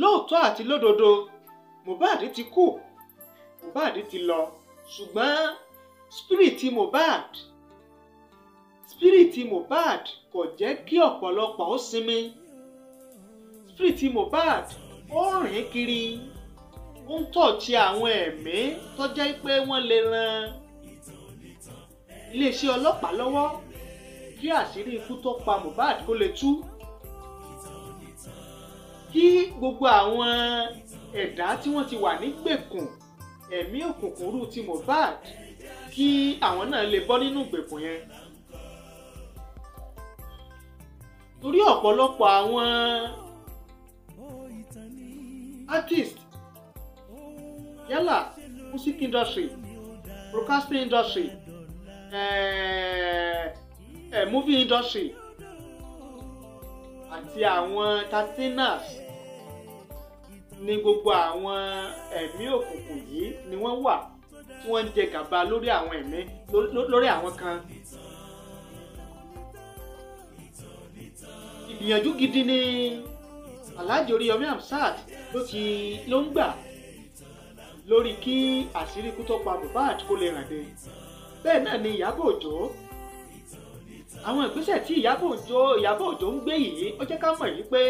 lóòótọ́ àti lódodo Mohbad ti kú Mohbad ti lọ ṣùgbọ́n spiriti Mohbad spiriti Mohbad kò jẹ́ kí ọ̀pọ̀lọpọ̀ ó sinmi spiriti Mohbad ó rìn kiri ó ń tọ̀ọ̀tì àwọn ẹ̀mí tó jẹ́ pé wọ́n lè ran iléeṣẹ́ ọlọ́pàá lọ́wọ́ kí àṣírí ikú tó pa Mohbad kó lè tú kí gbogbo àwọn ẹ̀dá tí wọ́n ti wà nígbèkùn ẹ̀mí òkùnkùn rú ti Mohbad kí àwọn náà lè bọ́ nínú ìgbèkùn yẹn. torí ọ̀pọ̀lọpọ̀ àwọn artist yálà music industry broadcasting industry eh, eh, movie industry àti àwọn entertainers ni gbogbo àwọn ẹ̀mí òkùnkùn yìí ni wọ́n wà tí wọ́n ń jẹ gàba lórí àwọn ẹ̀mí lórí àwọn kan. ìgbìyànjú gidi ni Alhaji Oríyọmí Hamzat ló ti ló ń gbà lórí kí àṣírí ikú tó pa Mohbad kó lè ràn dé bẹ́ẹ̀ náà ni Ìyábọ̀ Òjó àwọn ìgbésẹ̀ tí Ìyábọ̀ Òjó Ìyábọ̀ Òjó ń gbé yìí ó jẹ́ ká mọ̀ yìí pé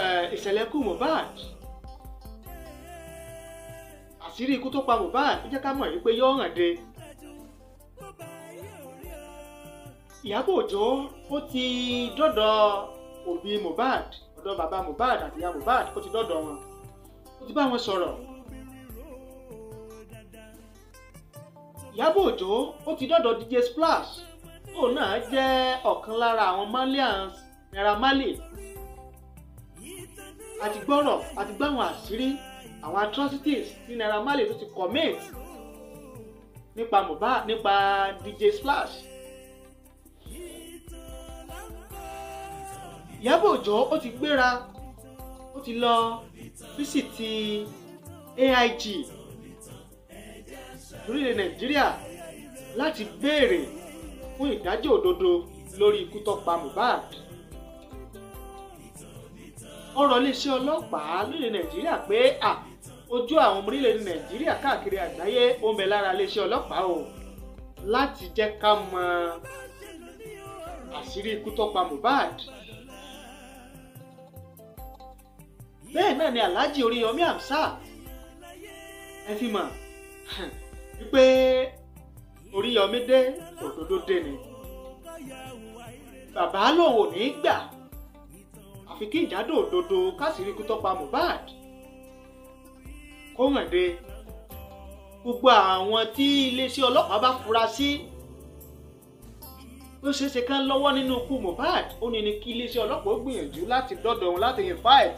Eh, ìṣẹ̀lẹ̀ ikú Mohbad àṣírí ikú tó pa Mohbad ó jẹ́ ká mọ̀ wípé yóò hàn de. Ìyábọ̀ Òjó ó ti dọ́dọ̀ òbí Mohbad ọdọ bàbá Mohbad àti ìyá Mohbad ó ti dọ́dọ̀ wọn ó ti bá wọn sọ̀rọ̀. Ìyábọ̀ Òjó ó ti dọ́dọ̀ DJ Splash òun náà jẹ́ ọkan lára àwọn malians Naira Marley àti gbọ́rọ̀ àti gbáwọn àṣírí àwọn atrocities tí Naira Marley tó ti commit nípa Mohbad nípa DJ Splash. Ìyábọ̀ Òjó ó ti gbéra ó ti lọ fíṣítì AIG lórílẹ̀ Nàìjíríà láti béèrè fún ìdájọ́ òdodo lórí ikú tó pa Mohbad wọ́n rọ iléeṣẹ́ ọlọ́pàá lóde nàìjíríà pé à ojú àwọn ọmọ orílẹ̀-èdè nàìjíríà káàkiri àgbáyé ó ń bẹ lára iléeṣẹ́ ọlọ́pàá o láti jẹ́ ká mọ àṣírí ikú tó pa Mohbad bẹ́ẹ̀ náà ni Alhaji Oríyọmí Hamzat ẹ fi mọ̀ wípé Oríyọmí dé òdodo dé ni bàbá lòun ò ní gbà àfi kí ìjádò òdodo káṣírí kú tọ́pa Mohbad kó hàn dé gbogbo àwọn tí iléeṣẹ́ ọlọ́pàá bá fura sí ó ṣeé ṣe kán lọ́wọ́ nínú ikú Mohbad ó ní ní kí iléeṣẹ́ ọlọ́pàá ó gbìyànjú láti dọ́dọ̀ òun láti yìn fight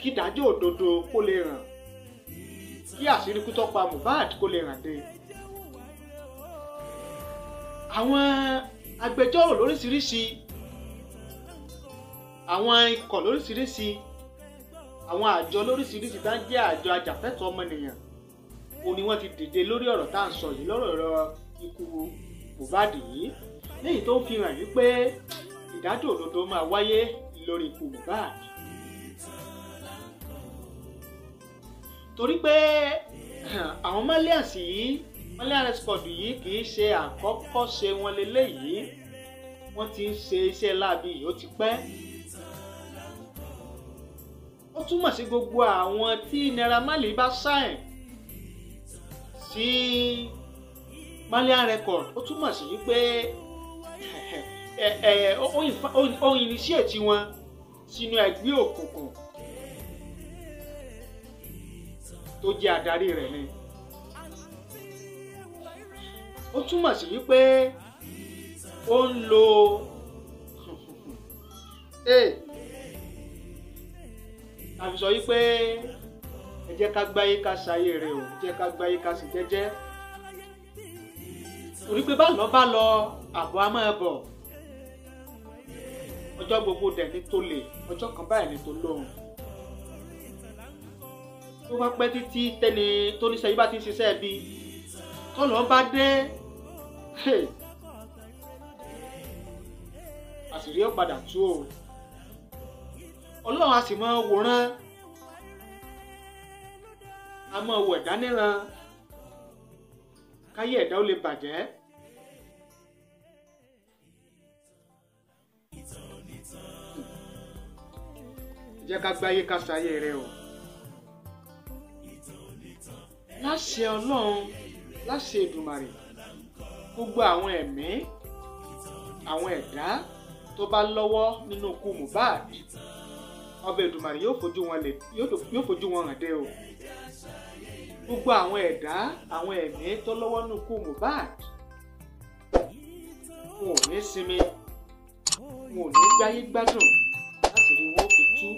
kí ìdájọ́ òdodo kó lè ràn kí àṣírí kú tọ́pa Mohbad kó lè ràn dé. àwọn agbẹjọ́rò lóríṣiríṣi àwọn ikọ̀ lóríṣiríṣi àwọn àjọ lóríṣiríṣi tá ń jẹ́ àjọ ajàfẹ́tọ̀ọ́ ọmọnìyàn òun ni wọ́n ti dìde lórí ọ̀rọ̀ tá à ń sọ yìí lọ́rọ̀ ẹ̀rọ ikú Mohbad yìí lẹ́yìn tó ń fi hàn wípé ìdájọ́ òdodo máa wáyé lórí ikú Mohbad. torí pé àwọn malians yìí malian squad yìí kì í ṣe àkọ́kọ́ ṣe wọn lélẹ́yìí wọ́n ti ń ṣe iṣẹ́ láabi yìí ó ti pẹ́ ó túmọ̀ sí gbogbo àwọn tí Naira Marley bá sáìn sí Malian record ó túmọ̀ sí pé eh, eh, ó initiate wọn sínú ẹgbẹ́ òkùnkùn tó jẹ́ adarí rẹ̀ ni ó túmọ̀ sí wípé ó ń lo. Eh, a fi sọ yí pé ẹ jẹ́ ká gbáyé ká ṣayé rẹ̀ o ẹ jẹ́ ká gbáyé ká sì jẹ́jẹ́ torí pé báàlọ́ bá lọ àbọ̀ a máa bọ̀ ọjọ́ gbogbo dẹ̀ ní tó lè ọjọ́ kan báyìí ní tó lóhùn tó bá pẹ́ títí tẹ́ni tó níṣẹ́ yìí bá ti ń ṣiṣẹ́ bí tọ́lọ́ bá dé àṣírí ó padà tú o ọlọ́run a sì máa wòran a máa wọ̀ ẹ̀dá níran káyé ẹ̀dá ó lè bàjẹ́. jẹ́ ká gbáyé ká sáyé rẹ o. láṣẹ ọlọ́run láṣẹ Èdùmàrè gbogbo àwọn ẹ̀mí àwọn ẹ̀dá tó bá lọ́wọ́ nínú ikú Mohbad ọba Èdùmàrè yóò fojú wọn lè yóò fojú wọn hàn dé o gbogbo àwọn ẹ̀dá àwọn ẹ̀mí tó nù kú Mohbad wọn ò ní sinmi wọn ò ní gbáyé gbádùn láti rí wọn fi tú